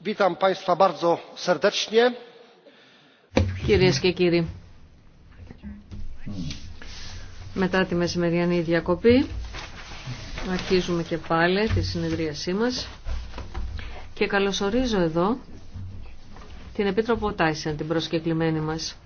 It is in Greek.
witam państwa bardzo serdecznie. και κύριοι μετά τη μεσημεριανή διακοπή αρχίζουμε και πάλι τη συνεδρίασή μας και καλωσορίζω εδώ την Επίτροπο Τάισεν, την προσκεκλημένη μας.